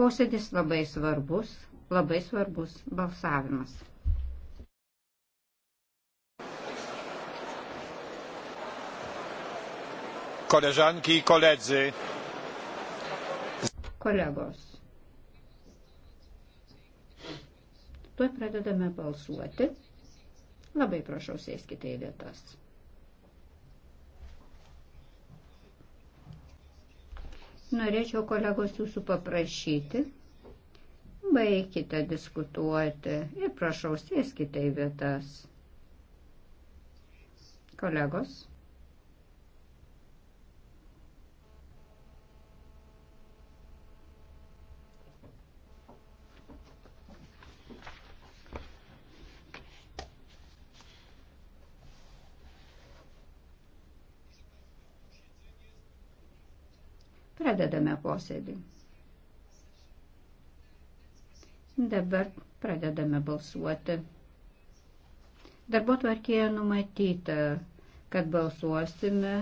posėdis labai svarbus, labai svarbus balsavimas. Koleżanki i koledzy. Kolegos. Tuoj pradedame balsuoti. Labai prašau, sėskite į vietas. Norėčiau kolegos jūsų paprašyti. Baikite diskutuoti ir prašau sėskite į vietas. Kolegos. pradedame posėdį. Dabar pradedame balsuoti. Darbo tvarkėje numatyta, kad balsuosime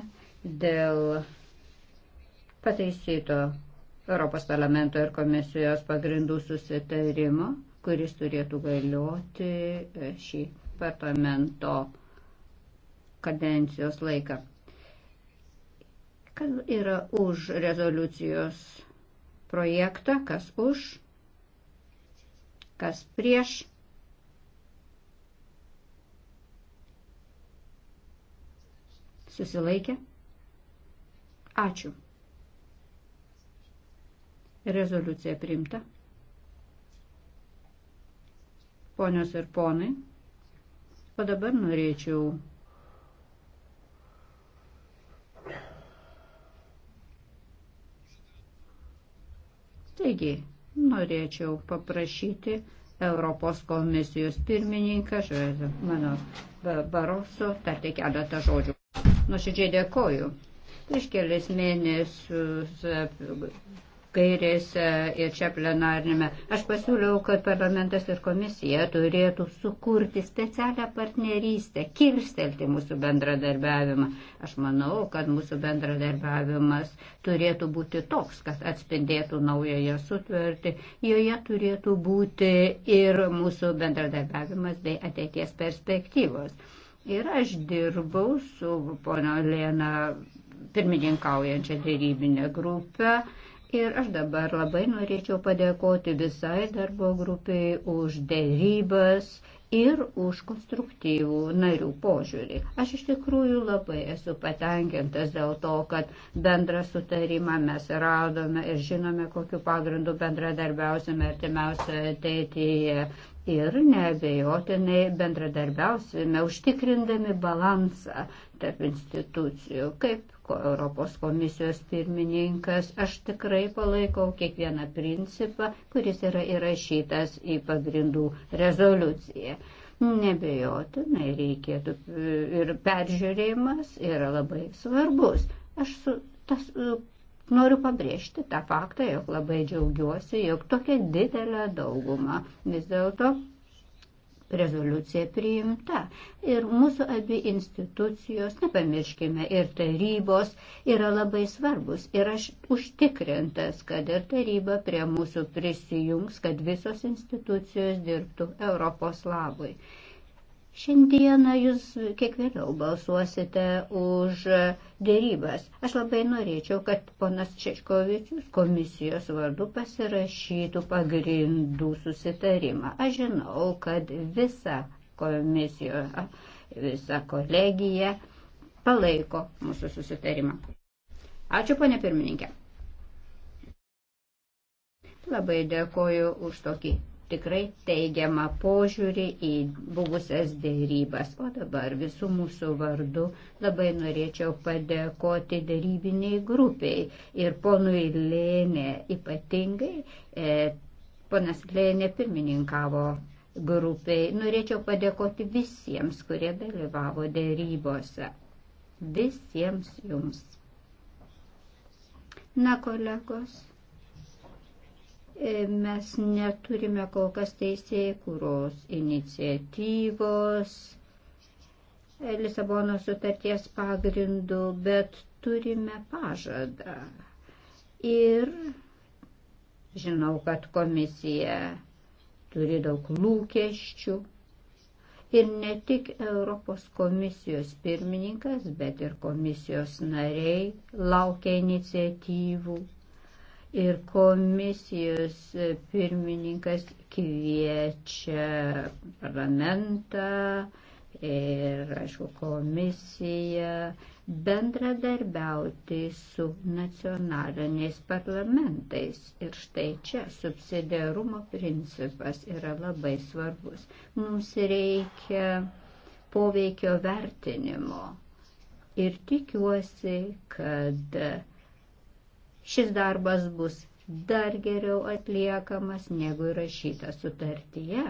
dėl pataisyto Europos parlamento ir komisijos pagrindų susitarimo, kuris turėtų galioti šį parlamento kadencijos laiką kas yra už rezoliucijos projektą, kas už, kas prieš. Susilaikė. Ačiū. Rezoliucija priimta. Ponios ir ponai, o dabar norėčiau Taigi, norėčiau paprašyti Europos komisijos pirmininką, mano Baroso, tarti keletą žodžių. Nuoširdžiai dėkoju. Prieš kelias mėnesius gairėse ir čia plenarnėme. Aš pasiūliau, kad parlamentas ir komisija turėtų sukurti specialią partnerystę, kirstelti mūsų bendradarbiavimą. Aš manau, kad mūsų bendradarbiavimas turėtų būti toks, kad atspindėtų naująją sutvertį. Joje turėtų būti ir mūsų bendradarbiavimas bei ateities perspektyvos. Ir aš dirbau su pono Lena pirmininkaujančią dėrybinę grupę Ir aš dabar labai norėčiau padėkoti visai darbo grupiai už dėrybas ir už konstruktyvų narių požiūrį. Aš iš tikrųjų labai esu patenkintas dėl to, kad bendrą sutarimą mes radome ir žinome, kokiu pagrindu bendradarbiausime artimiausioje ateityje ir neabejotinai bendradarbiausime užtikrindami balansą tarp institucijų, kaip Europos komisijos pirmininkas. Aš tikrai palaikau kiekvieną principą, kuris yra įrašytas į pagrindų rezoliuciją. Nebejotinai reikėtų e, ir peržiūrėjimas yra labai svarbus. Aš su, tas, Noriu pabrėžti tą faktą, jog labai džiaugiuosi, jog tokia didelė dauguma vis dėlto rezoliucija priimta. Ir mūsų abi institucijos, nepamirškime, ir tarybos yra labai svarbus. Ir aš užtikrintas, kad ir taryba prie mūsų prisijungs, kad visos institucijos dirbtų Europos labui. Šiandieną jūs kiek vėliau balsuosite už dėrybas. Aš labai norėčiau, kad ponas Češkovičius komisijos vardu pasirašytų pagrindų susitarimą. Aš žinau, kad visa komisija, visa kolegija palaiko mūsų susitarimą. Ačiū, ponė pirmininkė. Labai dėkoju už tokį tikrai teigiamą požiūrį į buvusias dėrybas. O dabar visų mūsų vardu labai norėčiau padėkoti dėrybiniai grupiai ir ponui Lėnė ypatingai. E, ponas Lėnė pirmininkavo grupiai. Norėčiau padėkoti visiems, kurie dalyvavo dėrybose. Visiems jums. Na, kolegos. E, mes neturime kol kas teisėjai, kuros iniciatyvos e, Lisabono sutarties pagrindų, bet turime pažadą. Ir žinau, kad komisija turi daug lūkesčių. Ir ne tik Europos komisijos pirmininkas, bet ir komisijos nariai laukia iniciatyvų ir komisijos pirmininkas kviečia parlamentą ir, aišku, komisiją bendradarbiauti su nacionaliniais parlamentais. Ir štai čia subsidiarumo principas yra labai svarbus. Mums reikia poveikio vertinimo. Ir tikiuosi, kad šis darbas bus dar geriau atliekamas negu įrašyta sutartyje.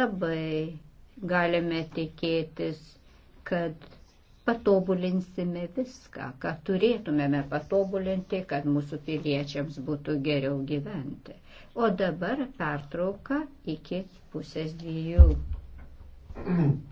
Labai galime tikėtis, kad patobulinsime viską, ką turėtumėme patobulinti, kad mūsų piliečiams būtų geriau gyventi. O dabar pertrauka iki pusės dviejų. Mm.